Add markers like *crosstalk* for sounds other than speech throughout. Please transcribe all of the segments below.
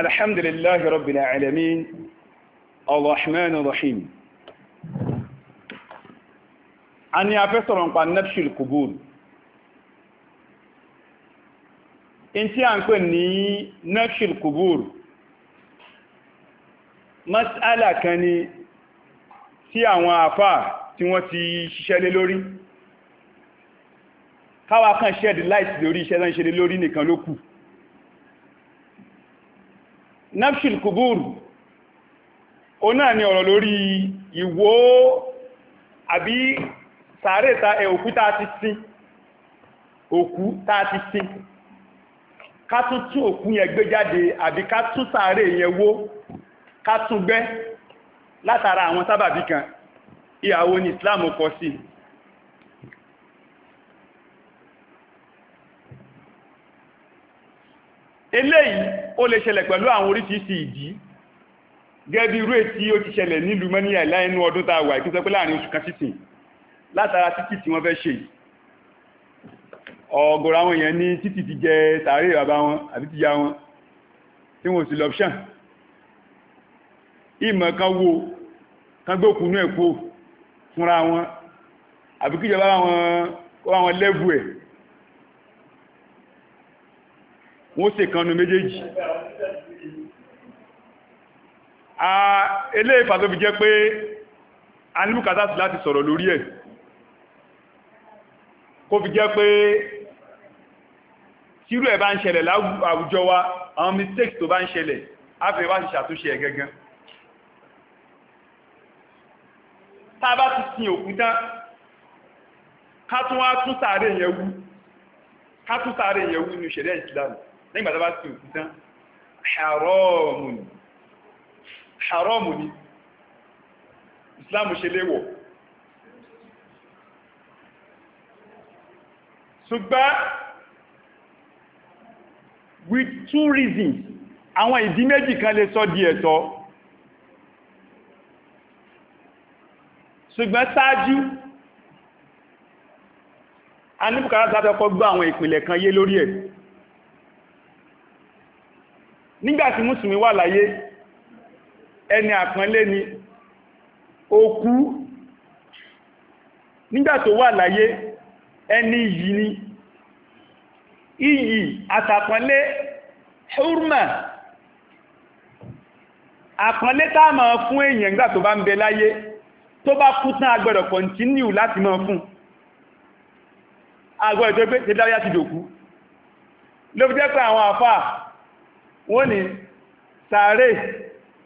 الحمد لله رب العالمين الرحمن الرحيم أني أفسر عن نبش القبور إنتي أنكني نبش القبور mas'ala kan ni tí àwọn àfà tí wọ́n ti ṣiṣẹ́ lé lórí káwa kan shed light lórí iṣẹ́ tán ṣe lé lórí nìkan ló kù nafshil kubur o náà ni ọ̀rọ̀ lórí ìwó àbí sàárèta ẹ òkú tá ti sin òkú tá ti sin ká tún tún òkú yẹn gbé jáde àbí ká tún sàárè yẹn wó ká gbẹ́ látara àwọn sábàbí kan ìyàwó ní Islam kọ sí eléyìí ó lè ṣẹlẹ̀ pẹ̀lú àwọn oríṣiríṣi ìdí gẹ́bí irú ètí ó ti ṣẹlẹ̀ nílùú mẹ́níyà láìnú ọdún tá a wà ìpínlẹ̀ pé láàrin oṣù kan títì látara títì tí wọ́n fẹ́ ṣe ọ̀gọ̀rọ̀ àwọn èèyàn ní títì ti jẹ tààrí bàbá wọn àbí tíya wọn tí wọ́n sì lọ́pṣàn ìmọ̀ kan wo kan gbókùnú ẹ̀kọ́ fúnra wọn àbí wọn kọ́ àwọn lẹ́bù ẹ̀ wọ́n ṣe kanu méjèèjì ilé ìfà tó fi jẹ́ pé a ní bùkátà sí láti sọ̀rọ̀ lórí ẹ̀ kó fi jẹ́ pé tírú ẹ̀ bá ń ṣẹlẹ̀ láwùjọ wa àwọn mistakes tó bá ń ṣẹlẹ̀ áfẹ́ wá ti ṣàtúnṣe ẹ̀ gẹ́gẹ́ ká tún wá tún sàárè yẹn wú ìṣẹ̀lẹ̀ ìsìlámù lẹ́yìn bàtà bá sí òkú tán haramu ni haramu ni islamu ṣe léwọ̀ ṣùgbọ́n with two reasons àwọn ìdí méjì kan lè sọ di ẹ̀tọ́ ṣùgbọ́n ṣáájú a ní bùkátà tàbí ọkọ̀ gbọ́ àwọn ìpìlẹ̀ kan yé lórí ẹ̀ nígbàtí mùsùlùmí wà láyé ẹni àpọ́nlé ni ó kú nígbàtí ó wà láyé ẹni yìí ni iyì àtàpọ́nlé hurma àpọ́nlé tá a máa fún èèyàn nígbà tó bá ń bẹ láyé tó bá kú tán a gbọ́dọ̀ kọ̀ntínú láti máa fún agbọ́dọ̀ tó gbé tẹ́láyà wọ́n ní sàárè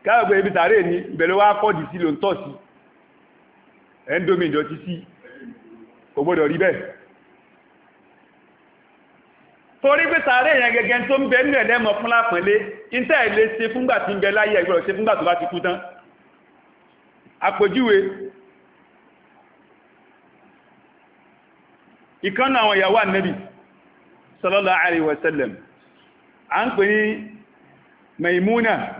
káàgbé ibi sàárè ní ìbẹ̀lẹ̀ wá kọ́dì sí ló ń tọ̀ sí ẹ̀ńdómi ìjọ ti sí kò gbọ́dọ̀ rí bẹ́ẹ̀ torí pé sàárè yẹn gẹ́gẹ́ tó ń bẹ nínú ẹ̀lẹ́mọ̀ fún lápọ̀nlé ìtẹ́ ẹ̀ lè fúngbà tí ń bẹ láyé ẹ̀gbọ́dọ̀ ṣe fúngbà tó bá ti kú tán àpèjúwe ìkànnà àwọn ìyàwó ànẹ́bì sallallahu alaihi à ń pè ní maimuna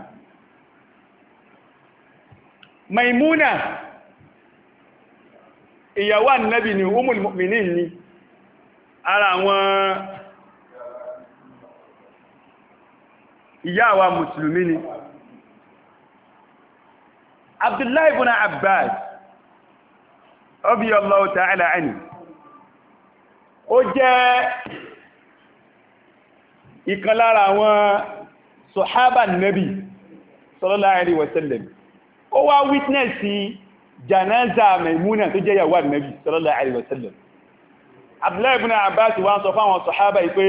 maimuna ìyàwó annabi ni umul mu'minin ni ara àwọn ìyàwó musulmi ni abdullahi ibn abbas radiyallahu ta'ala anhu ó jẹ́ ìkan lára àwọn sọ̀hábà nẹ́bì sallallahu alaihi wasallam ó wá wítínẹ̀sì janaza Maimuna tó jẹ́ yàwó nẹ́bì sallallahu alaihi wasallam Abdullahi ibn Abbas wá sọ fáwọn sọ̀hábà pé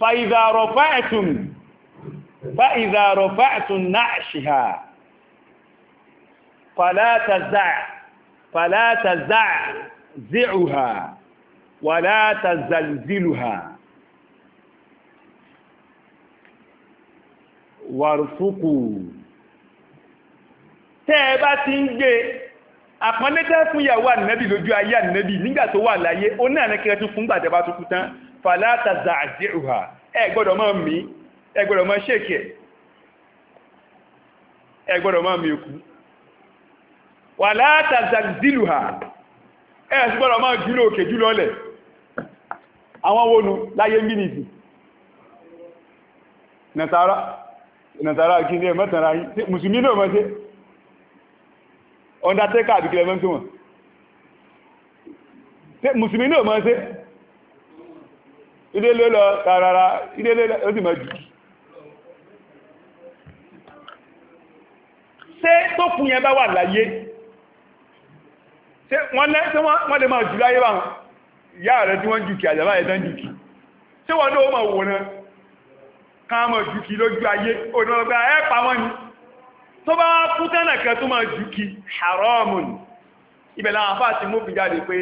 فإذا رفعتم فإذا رفعتم نعشها فلا تزع فلا تزع زعها wala tazalziluha wàrùfúkù tẹ́ ẹ bá ti ń gbé àpọ́nlẹ́tẹ́ fún ìyàwó ànìyàn lójú ayé ànìyàn nígbà tó wà láyé ó náà nẹ́kẹ́ tún fún gbàjẹba tó kú tán fàlátàzà àdíhùhà ẹ gbọ́dọ̀ mọ́ mi ẹ gbọ́dọ̀ mọ́ ṣèkẹ́ ẹ gbọ́dọ̀ mọ́ mi kú wàlátàzà zìlùhà ẹ sì mọ́ jùlọ òkè jùlọ lẹ̀ àwọn wónú láyé mínìsì nàtàrà kí ní ẹ̀mọ́tàrà yìí mùsùlùmí náà mọ́sí undertaker àbí kílẹ̀ mọ́sí wọn mùsùlùmí náà mọ́sí ilé ló lọ tààràrà ilé ló ó sì mọ́ jù ṣé tó kún yẹn bá wà láyé ṣé wọ́n lè máa jù láyé báwọn ìyá rẹ̀ tí wọ́n jùkì àjàbá ẹ̀dán jùkì tí wọ́n ní ó mọ̀ wò náà káàmọ̀ jùkì lójú ayé onílọ́gbà ẹ́ pa wọ́n ni tó bá kú tẹ́nà kẹ́ tó máa jùkì haramun ibẹ̀ láwọn afá ti mú fi jáde pé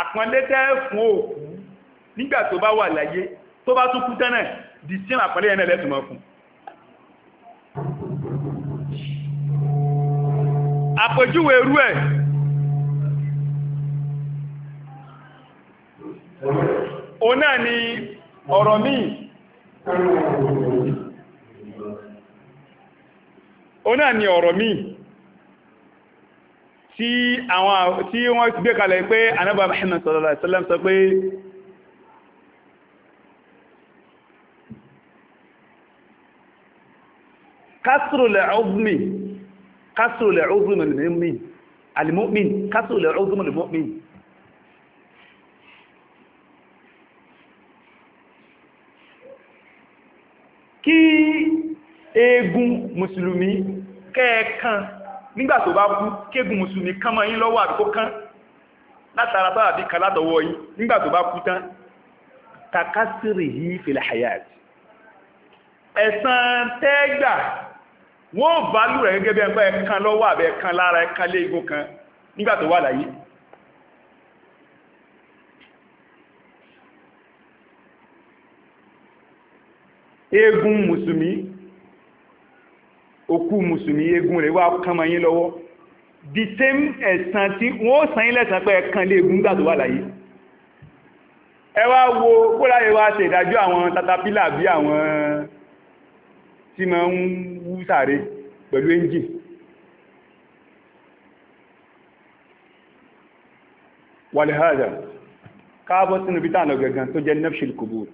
àpọ́nlé tẹ́ fún òkú nígbà tó bá wà láyé tó bá tún kú ẹ̀ òun náà ni ọ̀rọ̀ míì òun náà ni ọ̀rọ̀ míì tí àwọn tí wọ́n gbé kalẹ̀ pé anábà Muhammad sallallahu alaihi wasallam sọ pé kásùrùlẹ̀ ọ̀gbìn kásùrùlẹ̀ ọ̀gbìn alìmọ́mìn kásùrùlẹ̀ ọ̀gbìn alìmọ́mìn eégún mùsùlùmí kẹ́ẹ̀kan nígbà tó bá kú kéégún mùsùlùmí kán mọ́ yín lọ́wọ́ àbíkó kán látara bá àbí kan látọwọ́ yín nígbà tó bá kú tán takasiri yìí fil hayat ẹ̀san tẹ́gbà wọ́n bá lù rẹ̀ gẹ́gẹ́ bí ẹgbẹ́ ẹ̀kan lọ́wọ́ àbẹ́ òkú mùsùlùmí egun rẹ̀ wá kánmọ yín lọ́wọ́ the same ẹ̀sàn tí wọ́n sàn yín lẹ́sàn pé ẹ̀kan lé egun gbà tó wà láyé ẹ wá wo kóra yẹ wá ṣe ìdájọ́ àwọn tatapílà bí àwọn tí ma ń wú sàárè pẹ̀lú ẹ́ńjìn wàlẹ̀háàdà káàbọ̀ sínú bí tààlọ̀ gẹ̀gàn tó jẹ́ nefṣil kòbòrò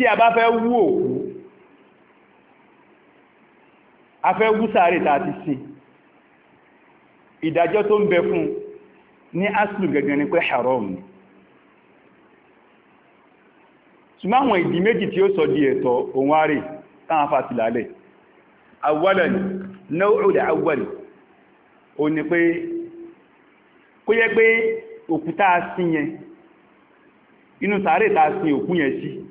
tí a bá fẹ́ wú òkú a fẹ́ wú sáré tá a ti sin ìdájọ́ tó ń bẹ fún ní asìlù gẹ̀gẹ̀ ni pé haram ni ṣùgbọ́n àwọn ìdí méjì tí ó sọ di ẹ̀tọ́ òun ààrẹ táwọn fàtílálẹ̀ awwalan naw'ul awwal o ní pé kó yẹ pé òkú tá yẹn inú sáré tá òkú yẹn sí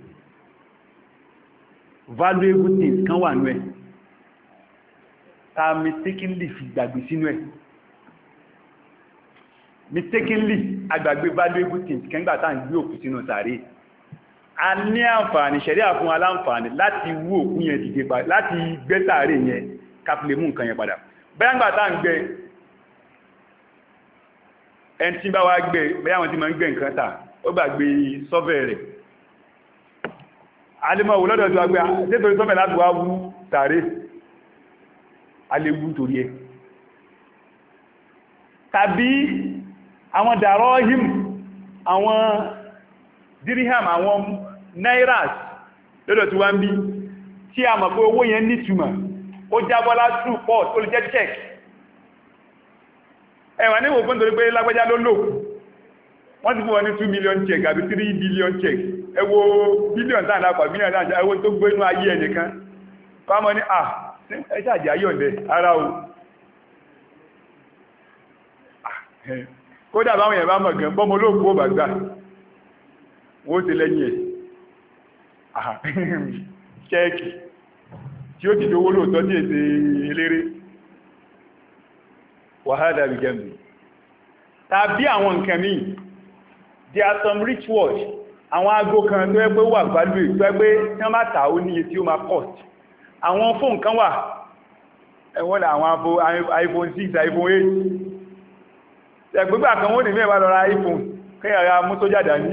valuable things kan wà nú ẹ̀ ta mistakenly fi gbàgbé sínú ẹ̀ mistakenly agbàgbé valuable things kẹ́ngbà tá à ń gbé òkú sínú sàárè a ní àǹfààní ṣẹ̀rí àfún aláǹfààní láti wú òkú yẹn dìde pa láti gbé sàárè yẹn káfílẹ̀ mú nǹkan yẹn padà bẹ́ẹ̀ ńgbà tá à ń gbé ẹni tí bá wá gbé bẹ́ẹ̀ àwọn tí máa ń gbé nǹkan ta ó gbàgbé sọ́fẹ̀ rẹ̀ alẹ́mọ̀ òlọ́dọ̀ tó agbá nítorí tọ́mẹ̀ láti wá wú tààrí alẹ́wú torí ẹ tàbí àwọn dàrọ́hìm àwọn dirham àwọn nairas lọ́dọ̀ tí wá ń bí tí a mọ̀ pé owó yẹn nítumọ̀ ó jábọ́ látú port ó lè jẹ́ check ẹwà níwò fún torí pé lágbẹ́já ló lò wọ́n ti fún wọn ní 2 million check àbí 3 billion check ẹ wo bílíọ̀n tàà lápá bílíọ̀n tàà ẹ wo tó gbénú ayé ẹnìkan fámọ́ ní à ah, ẹjá àjẹ́ ayọ̀ndẹ̀ ara o ah, kódà báwọn yẹn bá mọ̀ gan bọ́mọ olóòkú ò bàgbà wọ́n ti lẹ́yìn ẹ̀ ṣẹ́ẹ̀kì ah, *laughs* tí ó ti dówó lóòtọ́ tí èsè eléré wàhálà ìjẹ̀mù tàbí àwọn nǹkan míì there are some rituals àwọn aago kan tó yẹ pé wà value tó yẹ pé tí wọ́n bá tà ó níye tí ó máa cost àwọn fóònù kan wà ẹ̀wọ́n là àwọn iphone six iphone eight ẹgbẹ́gbà kan wọ́n ní mẹ́wàá lọ́ra iphone kẹ́yà ra mú sójà dání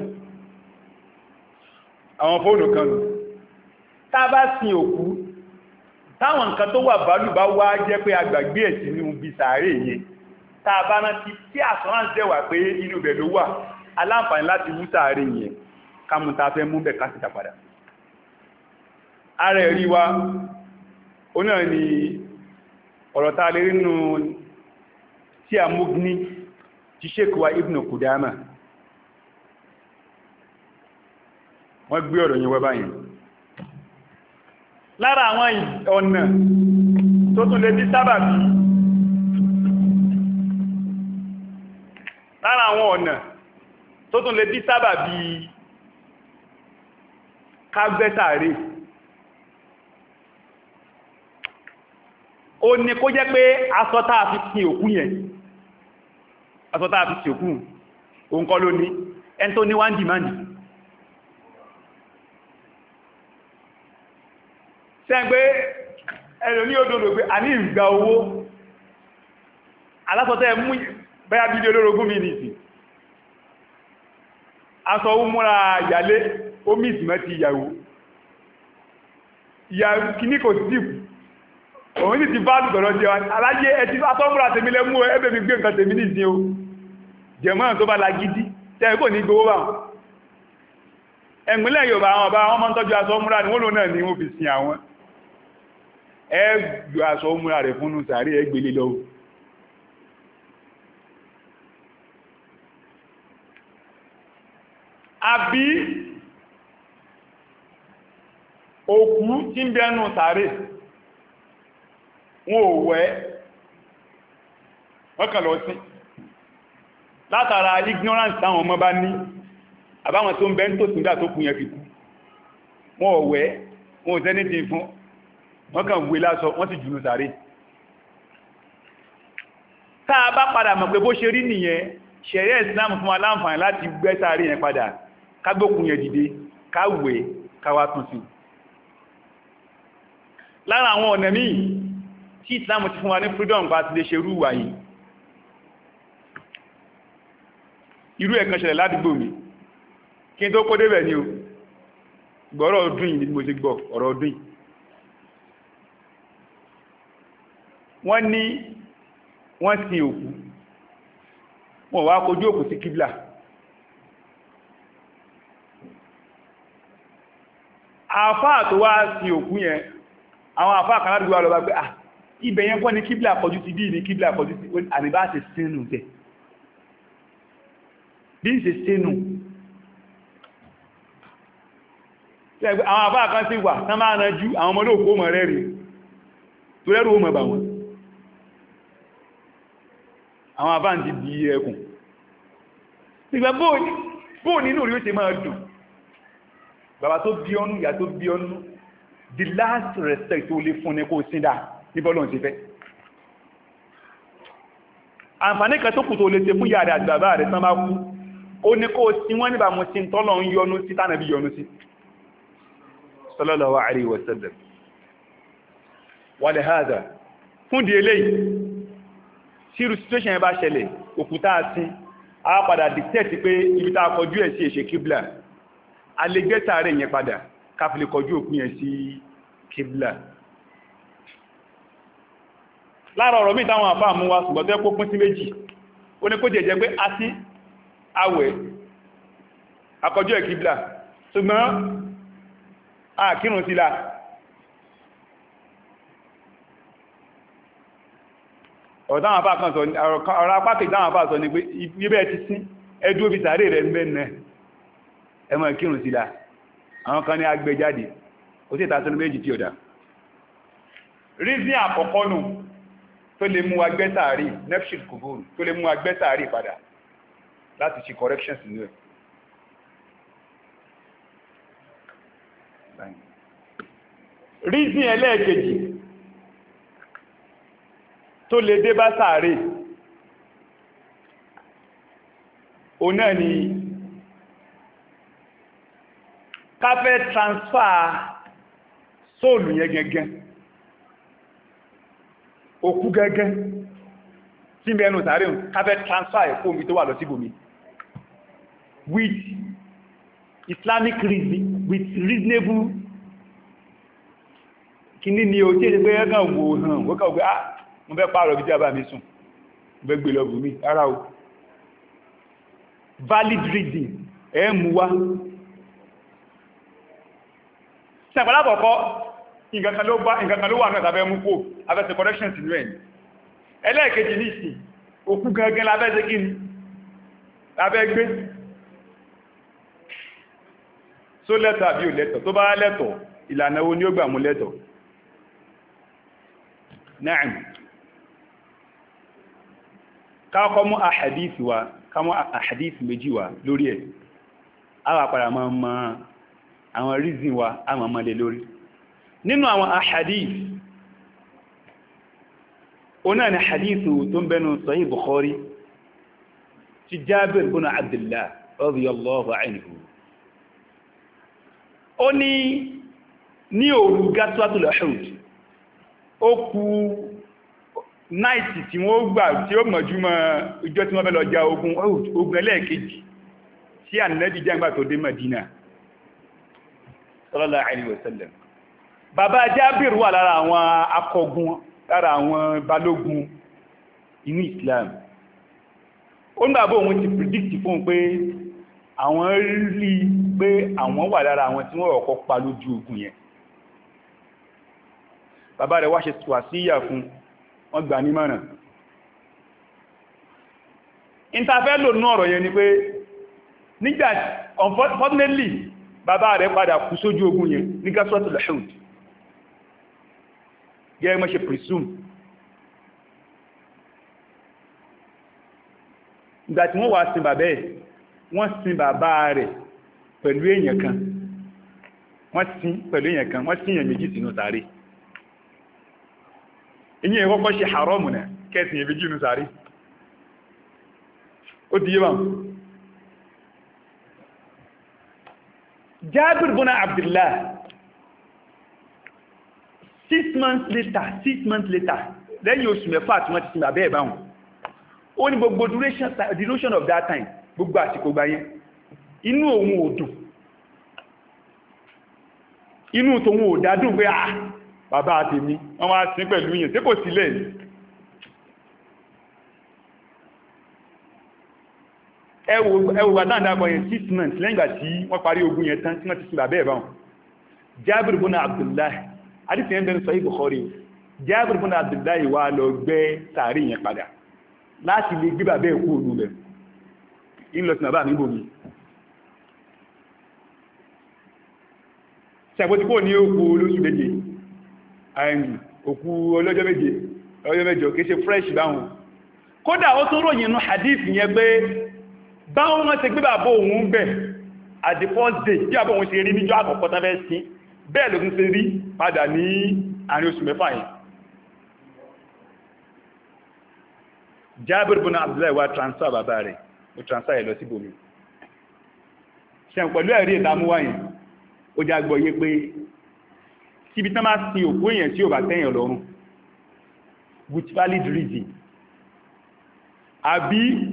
àwọn fóònù kan nù tá a bá sin òkú táwọn nǹkan tó wà value bá wá jẹ́ pé agbàgbé ẹ̀ sínú ibi sàárè yẹn tá a bá rántí tí àsọ̀rán pé inú ibẹ̀ ló wà aláǹfààní láti wú sàárè yẹn kámúta fẹ́ mú bẹ̀ kásìtà padà ara ẹ̀rí wa oní ọ̀nà ọ̀rọ̀ tàà lè rínú tí a múgní ti ṣékùwa ibn kudama wọ́n gbé ọ̀rọ̀ yẹn wá báyìí lára àwọn ọ̀nà tó tún lè ti sábàbí lára àwọn ọ̀nà tó tún lè ti sábàbí ká gbẹ́sàárè ó ní kó jẹ́ pé aṣọ tá a fi sin òkú yẹn aṣọ tá a fi sin òkú òun kọ́ ló ní ẹni tó ní wá ń dìmáàdì sẹ́gbé ẹ̀rọ ní odòdó pé a ní ìgbà owó alásọ̀tẹ́ mú bẹ́yà bí i olórogún ó múra yàlé ó mísì mẹ́tì ìyàwó ìyàwó kìíní kò sí òun sì ti bá àtùtọ̀rọ̀ jẹ aláyé ẹtí atọ́múra tèmi lẹ mú ẹbẹ̀ mi gbé nǹkan tèmi nìsí o jẹ̀mọ́ tó bá la gidi tẹ́ kò ní gbowó báwọn ẹ̀gbìnlẹ̀ yorùbá àwọn ọba wọn máa ń tọ́jú asọ́múra ni wọ́n lò náà ní wọ́n fi sin àwọn ẹ ju asọ́múra rẹ̀ fún un sàárè ẹgbẹ̀lẹ̀ àbí òkú tí ń bẹnu sàárè wọn ò wẹ́ wọ́n kàn lọ sí látara ignorance táwọn ọmọ bá ní àbáwọn tó ń bẹ ń tó síndà tó kù yẹn fi kú wọn ò wẹ́ wọn ò sẹ́ni ti fún wọ́n kàn wé lásọ wọ́n sì jùlọ sàárè tá a bá padà mọ̀ pé bó ṣe rí nìyẹn ṣẹ̀rẹ́ Islam fún aláǹfààní láti gbẹ́ sàárè yẹn padà kágbókun yẹn dìde káwèé káwá tuntun lára àwọn ọ̀nà míì tí ìsìláàmù ti fún wa ní freedom bá ti lè ṣe rú wà yìí irú ẹ̀kan ṣẹlẹ̀ ládùúgbò mi kí n tó kó débẹ̀ ni o gbọ́rọ̀ ọdún yìí ni mo ti gbọ́ ọ̀rọ̀ ọdún yìí wọ́n ní wọ́n sin òkú wọ́n wá kojú òkú sí kíblà àfáà tó wá sin òkú yẹn àwọn àfá àkàrà dùgbà lọ bá pé ah ibẹ̀ yẹn kọ́ ni kíblà àkọjú ti bí ní kíblà àkọjú ti àmì bá ṣe sínú tẹ̀ bí ṣe sínú àwọn àfá àkàrà sí wà tán máa na ju àwọn ọmọdé òkú mọ̀ rẹ̀ rí tó rẹ́rù ó mọ̀ bà wọn àwọn àfá ń ti di ẹkùn ìgbà bóò nínú rí ó ṣe máa dùn bàbá tó bí ọnú ìyá tó bí ọnú the last respect tó lè fún ní kó síndà níbọ́lọ̀ ti fẹ́ àǹfààní kan tó kù tó lè ṣe fún yàrá àti bàbá rẹ̀ tán bá kú ó ní kó sí wọ́n níbà mú sí tọ́lọ̀ ń yọnu sí tánà bí yọnu sí sallallahu alaihi wasallam wàlẹ̀ hádà fún di eléyìí sírù situation ẹ bá a padà dìtẹ́ẹ̀tì pé ibi tá a kọjú ẹ̀ sí èṣe kíblà a lè gbẹ́ta padà káfílẹ̀ kọjú òpin ẹ̀ sí kíblà lára ọ̀rọ̀ míì táwọn àfáà mú wa ṣùgbọ́n tó yẹ kó pín sí méjì ó ní kó jẹ́jẹ́ pé a sí awẹ̀ akọjú ẹ̀ kíblà ṣùgbọ́n àkírùn sí la ọ̀rọ̀ táwọn àfáà kan sọ ọ̀rọ̀ apá kejì táwọn àfáà sọ ni pé ibẹ̀ ti sín ẹdú òbí sàárè rẹ̀ ń bẹ́ẹ̀ nẹ ẹmọ ìkírùn sí la àwọn kan ní agbé jáde ó sì tàṣínú méjì tí ó dá rízí àkọ́kọ́ nù tó lè mú agbẹ́ tààrí nefshil kubur tó lè mú agbẹ́ tààrí padà láti ṣe corrections nínú ẹ̀ rízí ẹlẹ́ẹ̀kejì tó lè dé bá tààrí òun náà ni ká fẹ́ transfer sóòlù yẹn gẹ́gẹ́ òkú gẹ́gẹ́ tí ń bẹ ẹnu tàrí ká fẹ́ transfer ẹ̀kọ́ omi tó wà lọ sí ibòmí with islamic reason with reasonable kìíní ni o tí èdè pé ẹgbẹ́ wò hàn wọ́n kàwọ́ pé ah mo fẹ́ pààrọ̀ bí tí bá mi sùn mo fẹ́ gbé lọ bùnmí rárá o valid reason ẹ̀ mú wá sẹ̀pẹ̀lá àkọ́kọ́ nǹkan ló wà náà tàbẹ́ mú kó abẹ́sẹ̀ correction sínú ẹ̀ ẹlẹ́ẹ̀kejì ní ìsìn òkú gangan lábẹ́sẹ̀ kí ni lábẹ́ gbé só lẹ́tọ̀ àbí ò lẹ́tọ̀ tó bá lẹ́tọ̀ ìlànà wo ni ó wa káàkọ́ mú àhàdíìsì méjì àwọn reason wa àwọn ọmọdé lórí nínú àwọn ahadith onáà ni hadithu tó ń bẹnu sahih Bukhari ti Jabir bin Abdullah radiyallahu anhu ó ní ní òru gátúwátù lọ́hùd ó kú náìtì tí wọ́n gbà tí ó mọ̀júmọ́ sallallahu alaihi wasallam bàbá Jábìr wà lára àwọn akọgun lára àwọn balógun inú Islam ó ń bàbá òun ti predict fún pé àwọn rí pé àwọn wà lára àwọn tí wọ́n ọ̀kọ́ pa lójú ogun yẹn bàbá rẹ̀ wá ṣe tùwà sí ìyà fún wọ́n gbà nímọ̀ràn interfẹ́ lò ọ̀rọ̀ yẹn ni pé nígbà unfortunately bàbá rẹ̀ padà kú sójú ogun yẹn ní gásọ́tù lẹ́ṣùd gẹ́gẹ́ mọ́ ṣe presume ìgbà tí wọ́n wá sin bàbá ẹ̀ wọ́n sin bàbá rẹ̀ pẹ̀lú èèyàn kan wọ́n sin pẹ̀lú èèyàn kan wọ́n sin èèyàn méjì sínú sàárè ìyẹn ìkọ́kọ́ ṣe haramu náà kẹ́sìn èèyàn méjì sínú sàárè ó ti yé Jabir bin Abdullah six months later six months later lẹ́yìn oṣù mẹ́fà tí wọ́n ti sinmi abẹ́ ìbáhùn ó ní gbogbo duration of that time gbogbo àsìkò gbà yẹn inú òun ò dùn inú tòun ò dádùn pé ah bàbá àtèmi wọ́n wá sí pẹ̀lú yẹn tí kò sílẹ̀ yìí ẹwù gbàdáǹdàpọ̀ yẹn six months lẹ́yìn ìgbà tí wọ́n parí ogun yẹn tán tí wọ́n ti sin bàbẹ́ ìbáwọn jábìrì bùnà abdullahi àdìsí yẹn bẹnu sahih bukhari jábìrì bùnà abdullahi wà lọ gbẹ́ sàárì yẹn padà láti lè gbé bàbẹ́ ẹ̀kú òdu rẹ̀ ń lọ sí bàbá mi bòmí ṣàpótíkò ní òkú olóṣù méje òkú ọlọ́jọ́ méje ọlọ́jọ́ méje kìí ṣe fresh báwọn kódà ó tó ròyìn inú hadith yẹn pé báwọn wọn ti gbé bàbá òun bẹ̀ at the first day bí àbọ̀ òun ṣe rí níjọ́ àkọ́kọ́ tán fẹ́ sí bẹ́ẹ̀ ló tún ṣe rí padà ní àárín oṣù mẹ́fà yìí Jabir bin Abdullahi wa transfer bàbá rẹ̀ ó transfer ẹ̀ lọ sí bòmí ṣẹ̀n pẹ̀lú ẹ̀rí ìdámúwá yẹn ó já gbọ́ yé pé síbi tán máa sin òkú èèyàn tí ò bá tẹ́yàn lọ́rùn with valid reason àbí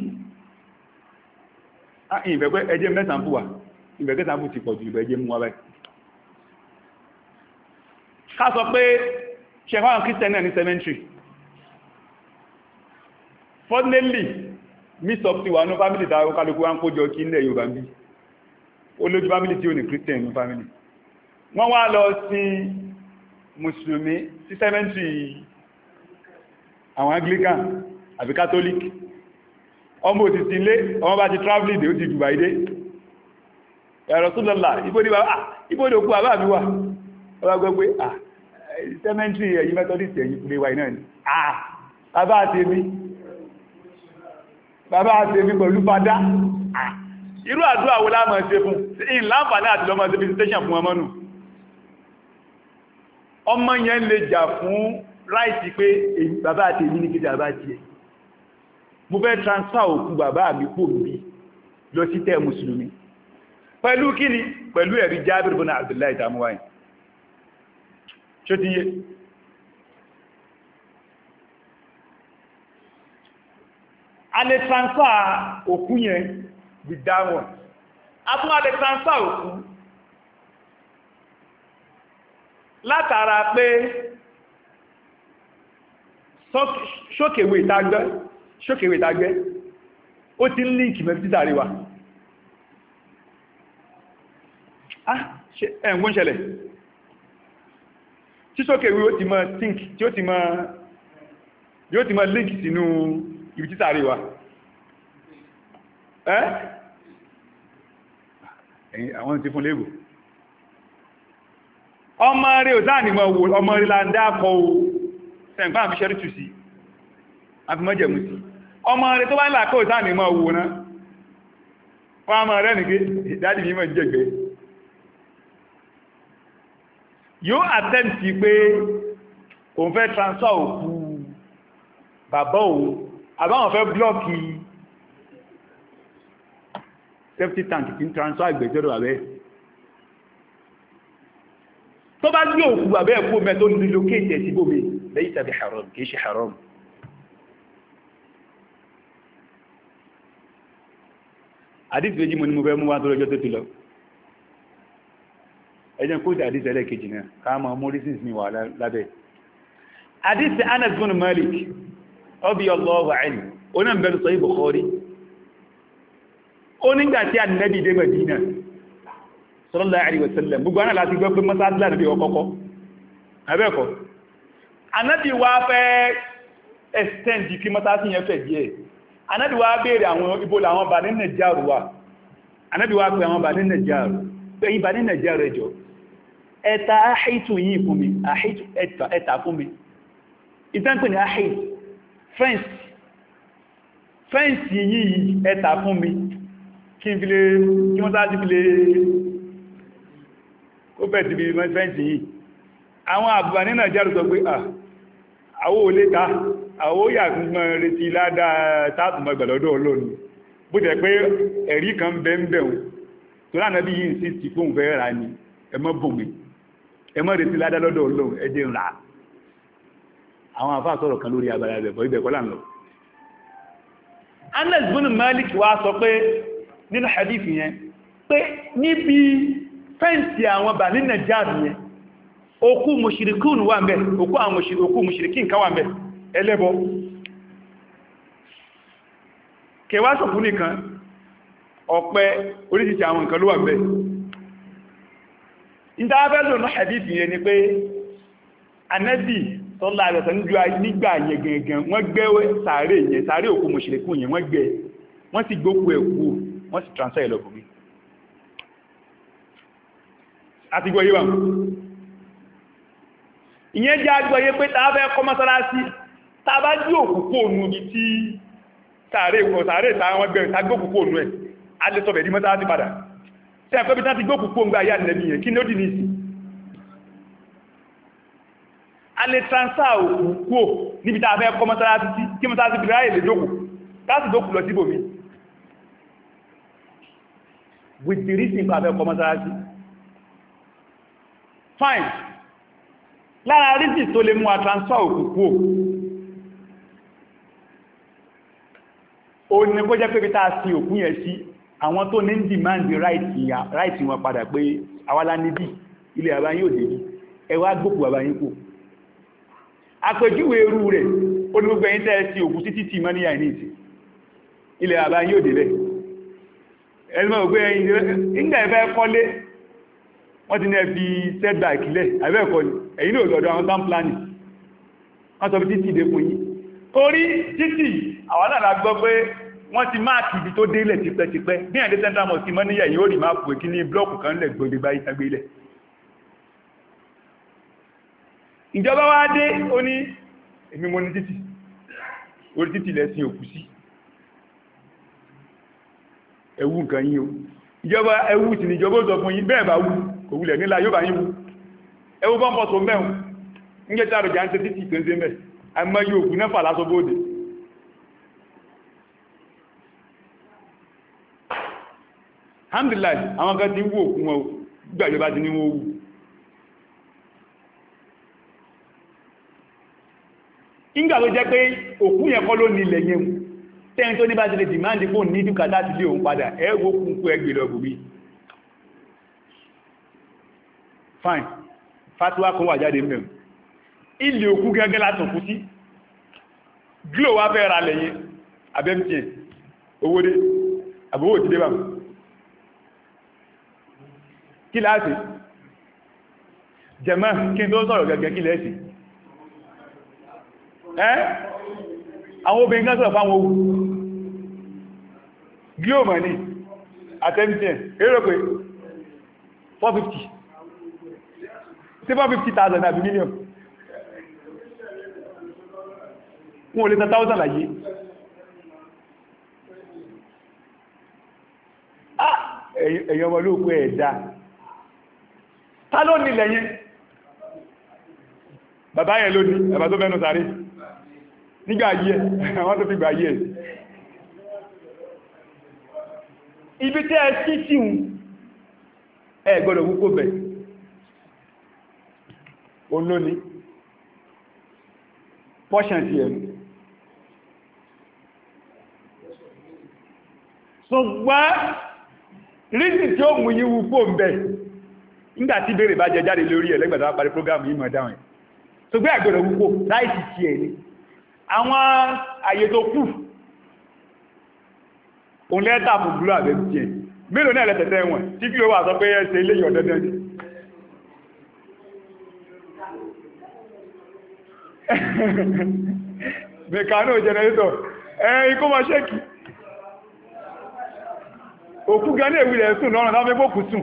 Ah, ìfẹ́gbẹ́ ẹjẹ́ mẹ́sàn-án fún wa ìfẹ́gbẹ́ sàn fún ti pọ̀jù ìfẹ́ ẹjẹ́ mú wa báyìí ká sọ pé ṣẹ̀fọ́n kírísítẹ́nì ní cemetery fortunately mistop ti wà ní family tàbí kálukú wá ń kójọ kí ilẹ̀ Yorùbá bí olójú family tí ó ní christian ní family wọ́n wá lọ sí mùsùlùmí sí cemetery àwọn anglican àbí catholic ọmọ òtì sí ilé ọmọ bá ti traveling dé ó ti Dubai dé ẹ̀rọ súnlọ́lá ibodè òkú àbá mi wà ọba gbọ́ pé ah cemetery ẹ̀yìn methodist ẹ̀yìn kúlé wa iná ni ah bàbá àtẹ́mí bàbá àtẹ́mí pẹ̀lú padà ah irú àdúrà wo láàmọ̀ ṣe fún in láǹfààní àti lọ́mọ ṣe station fún ọmọ nù ọmọ yẹn lè jà fún ráìtì pé bàbá àtẹ́mí ní kí bàbá tiẹ̀ mo fẹ́ transfer òkú bàbá mi pò bí lọ sí tẹ́ mùsùlùmí pẹ̀lú kíni pẹ̀lú ẹ̀rí jábìrì bọ́nà Abdullahi tamuwain ṣó ti yé a lè transfer òkú yẹn gbìdáwọn a tún a lè transfer òkú látara pé sókèwé ìtagbẹ́ ṣókèwé tagbẹ́ ó ti ń líǹkì mẹ́fì títàrí wa ah, ẹ̀gbọ́n ṣẹlẹ̀ tí ṣókèwé ó ti mọ́ think tí ó ti mọ́ yóò ti mọ́ líǹkì sínú ibi títàrí wa ẹ̀yìn àwọn ti fún lébù ọmọ rẹ̀ ò sáà nìmọ̀ wò ọmọ rẹ̀ là ń dákọ̀ o ṣẹ̀ǹgbọ́n àfiṣẹ́rí tù sí àfimọ́jẹ̀mù sí ọmọ rẹ̀ tó bá ń làkó ìsáàmì mọ́ owó náà wọ́n a mọ̀ rẹ̀ nìké ìdádì mi mọ̀ jẹ́gbẹ́ yóò àtẹ́ǹtì pé òun fẹ́ transfer òkú bàbá òun àbáwọn fẹ́ blọ́ọ̀kì safety tank tí ń transfer ìgbẹ̀jọ́rọ̀ bàbẹ́ tó bá gbé òkú bàbẹ́ ẹ̀kú mẹ́ tó nílò kéèkì ẹ̀ síbòmí lẹ́yìn tàbí haram kìí ṣe haram àdíṣì méjì mo ní mo fẹ́ mú wá tó lọ́jọ́ tó ti lọ ẹjẹ́ kó ti àdíṣì ẹlẹ́kejì náà ká mọ morrisons mi wà lábẹ́ àdíṣì Anas bin Malik ọbí ọlọ́wọ́ àìní oní àbẹ̀rù sọ Bukhari ó nígbà tí ànábì dé Madina sallallahu anábì wá béèrè àwọn ibo làwọn bà ní nàìjíríà wà anábì wá pè àwọn bà ní nàìjíríà pé yí bà ní nàìjíríà ẹjọ́ ẹta àhìtù yìí fún mi àhìtù ẹta fún mi ìtẹ́ǹpẹ̀ ní àhìtù fẹ́ǹsì fẹ́ǹsì yìí ẹta fún mi kí n file kí wọ́n sáájú file kó bẹ̀ ti fi fẹ́ǹsì yìí àwọn àbúgbà ní nàìjíríà sọ pé àwọ́ olè ta àwọn òyà tún mọ́ retí ládàá tààtùmọ̀ ìgbàlódé olóòní bó jẹ́ pé ẹ̀rí kan bẹ́ẹ̀bẹ̀ẹ̀ tó lánà bí yìí sí ti fóun fẹ́ ra ni ẹ mọ́ bòmí ẹ mọ́ retí ládàá lọ́dọ̀ olóòní ẹ jẹ́ ń ra àwọn àfáà sọ̀rọ̀ kan lórí wa sọ pé nínú hadith yẹn pé níbi fẹ́ǹsì àwọn bà ní Nàìjíríà yẹn òkú mùṣìríkùn wà ń bẹ̀ òkú àwọn mùṣìríkùn kan wà ń ẹlẹ́bọ kẹwàá ṣọ̀fún nìkan ọ̀pẹ oríṣìí àwọn nǹkan ló wà bẹ́ẹ̀ ìdáfẹ́lò náà hadith yẹn ni pé anẹ́bì tọ́lá rẹ̀ tán nígbà yẹn wọ́n gbẹ́ sàárè yẹn sàárè òkú mọ̀ṣẹ̀lẹ̀kún yẹn wọ́n wọ́n tá bá jí òkùnkú òun ní tí sàárè ìwọ̀n sàárè ìtàwọn gbẹ̀rẹ̀ tá gbókùnkú òun ẹ̀ a lè sọ̀bẹ̀ dímọ́ta láti padà tí a pẹ́bí láti gbókùnkú òun gba ayá nẹ̀mí yẹn kí ní ó dì ní ìsìn a lè transfer òkùnkú níbi tá a fẹ́ kọ́ mọ́sálásí sí kí mọ́sálásí bí ráyè lè jókòó láti dókù lọ síbòmí with the reason pa fẹ́ kọ́ mọ́sálásí fine lára reason tó lè mú a transfer òkùnkú ó ní kó jẹ́ pé bí táa sin òkú yẹn sí àwọn tó ní demand right wọn padà pé awálá níbí ilẹ̀ bàbá yóò débi ẹ wá gbòkú bàbá yín kù àpèjúwe eru rẹ̀ ó ní gbogbo ẹ̀yin tẹ́ sí òkú títí tí mọ́ ní àìníìtì ilẹ̀ bàbá yóò débẹ̀ ẹlùmọ̀ ògbé wọ́n ti máàkì ibi tó délẹ̀ tipẹ́tipẹ́ ní àdé central mosque mọ́níyà yóò rí máàpù èkí ní blọ́ọ̀kù kan lẹ̀ gbogbo ìtagbélẹ̀ ìjọba wá dé ó ní èmi mo ní títì orí títì lẹ́sìn òkú sí ẹwú nǹkan yí o ìjọba ẹwú sì ni ìjọba ó sọ fún yín bẹ́ẹ̀ bá wú kò wulẹ̀ nílá yóò bá yín wú ẹwú bọ́ǹbọ̀ tó mẹ́ alhamdulillah àwọn kan ti ń wò òkun wọn gbàjọba ti ní wọ́n wù ìgbà tó jẹ́ pé òkú yẹn kọ́ ló ní ilẹ̀ yẹn tẹ́yìn tó ní bá ti lè dìmáàdì fún ní dùkà láti lé òun padà ẹgbò kún ẹgbè lọ gbùgbì fine fatuwa kan wà jáde mẹ́rin ilẹ̀ òkú gẹ́gẹ́ látọ̀ kú sí glo wá fẹ́ ra lẹ́yìn abẹ́mtn owó àbúwò ti dé kí láti jẹ̀mọ́ kí n tó sọ̀rọ̀ gẹ̀gẹ̀ kí lẹ́sì ẹ́ àwọn obìnrin kan sọ̀rọ̀ fáwọn ohun gíòmọ̀ ní àtẹ́mìtẹ̀ èrò pé 450 sí 450,000 àbí mílíọ̀n wọn ò lè tàtà ọ̀sán láyé ah! ẹ̀yìn ọmọ olóòkú ẹ̀ẹ̀dá ta ló nílẹ̀ yẹn bàbá yẹn lóní bàbá tó mẹ́nu sáré nígbà ayé ẹ̀ *laughs* wọ́n tó fi gbà ayé ẹ̀ ibi tẹ́ ẹ sí sí un ẹ gbọ́dọ̀ púpọ̀ bẹ̀ òun ló ní pọ́ṣàn sí ẹ̀ ṣùgbọ́n rísì tí ó mú yíwú pò ń nígbà tí béèrè bá jẹ jáde lórí ẹ̀ lẹ́gbàtà parí prógámù yìí mọ̀ dáhùn ẹ̀ tó gbé àgbẹ̀rẹ̀ wúwo láìsí ti ẹ̀ ni àwọn àyè tó kù òun lẹ́tà fún gúrú àbẹ̀ ti ẹ̀ mélòó náà lẹ́tẹ̀tẹ̀ wọn tí kí ó wà sọ pé ẹsẹ̀ ilé yọ̀ dandan ni mẹ̀kánò jẹnẹrétọ̀ ẹ̀ ikú ma ṣẹ́kì òkú gan ní èwìlẹ̀ sùn lọ́rùn láwọn ẹgbẹ́ òkú sùn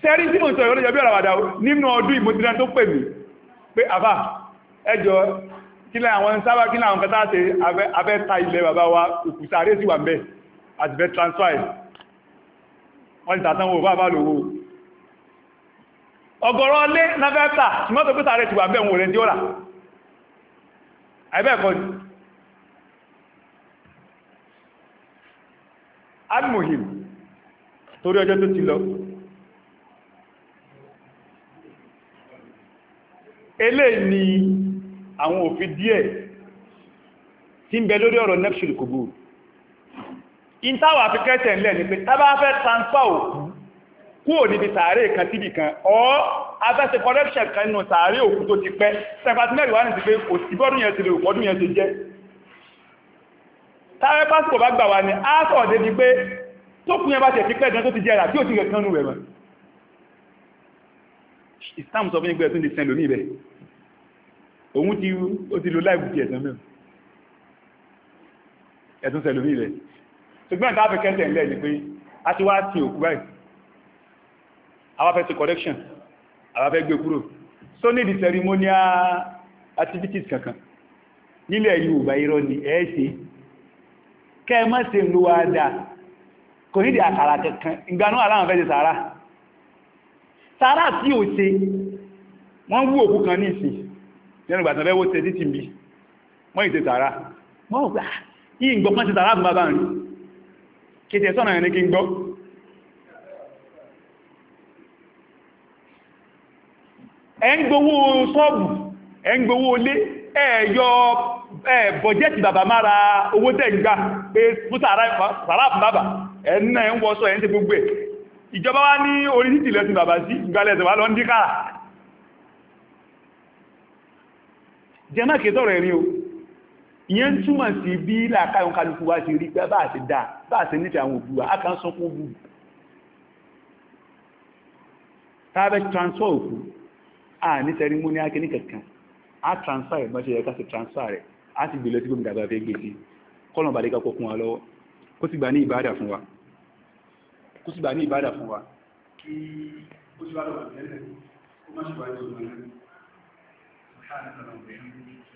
sẹ́rí tí mo sọ ìwọ́n lójọ́ bí ọ̀rọ̀ àwàdà nínú ọdún ìmòtíra tó pè mí pé àbá ẹjọ́ kílẹ̀ àwọn sábà kílẹ̀ àwọn kẹta ṣe abẹ́ta ilẹ̀ bàbá wa òkúta àrẹ́ sí wà mẹ́ àti bẹ́ transfer wọ́n ti tàtàn owó bàbá lówó ọgọ́rọ̀ lé náfẹ́ta ṣùgbọ́n tó pẹ́ta àrẹ́ sí wà mẹ́ òun rẹ̀ ń dí ọ̀rà almuhim torí ọjọ́ tó ti lọ eléyìí ni àwọn òfin díẹ̀ tí ń bẹ lórí ọ̀rọ̀ nepsul kò gbòòrò ìntàwà fi kẹ́tẹ̀ ńlẹ̀ ni pé tábá fẹ́ transfer òkú kúrò níbi tààrí kan síbi kan ọ́ afẹ́sẹ̀ correction kan nínú tààrí òkú tó ti pẹ́ sẹ́pàtí mẹ́rin wá ní ti pé kò sí bọ́dún yẹn ti lè òkú tààrẹ pásìkò bá gbà wá ní àásọ̀ débi pé tó kún ẹbá tẹ̀ sí pẹ́ gan tó ti jẹ́ rà tí ò ti rẹ̀ kánú rẹ̀ rẹ̀ islam sọ fún ẹgbẹ́ tó lè sẹ́ lómi ibẹ̀ òun ti ó ti lo láìbù ti ẹ̀sán mẹ́rin ẹ̀sùn sẹ́ lómi ibẹ̀ ṣùgbọ́n ìta fẹ́ kẹ́sẹ̀ ńlẹ̀ ni pé a ti wá ti òkú báyìí àwa fẹ́ ti correction àwa fẹ́ gbé kúrò so ní di ceremonial kẹ́ẹ̀mọ́ sí ìlú dáa kò nídi àkàrà kankan ìgbanú aláwọ̀ fẹ́ ti sàárà tí ò ṣe wọ́n wú òkú kan ní ìsìn lẹ́nu tẹ́ títì bí wọ́n ìtẹ́ sàárà wọ́n gbà yìí ah, gbọ́ kan ti ẹ̀ ń ẹ̀ bọ̀jẹ́tì bàbá mára owó tẹ́gbà pé fún sàárà fún bàbá ẹ̀nà ń wọ́sọ ẹ̀ ń tẹ gbogbo ẹ̀ ìjọba wá ní orí títì lẹ́sìn bàbá sí ìgbàlẹ̀sẹ̀ wá lọ ń díkàrà jẹ́mà kìí sọ̀rọ̀ ẹ̀rin o ìyẹn ń túmọ̀ sí bí làákàyún kálukú wá ti rí pé bá àti dà bá transfer òkú à ní yẹ ká sì transfer rẹ̀ á sì gbèlọ sí gómìnà àgbà fẹ́ gbèsè kọ́lọ̀n bàdé kápọ̀ fún wa lọ́wọ́ kó sì gbà ní ìbádà fún wa kó sì gbà ní ìbádà fún wa kí ó sì bá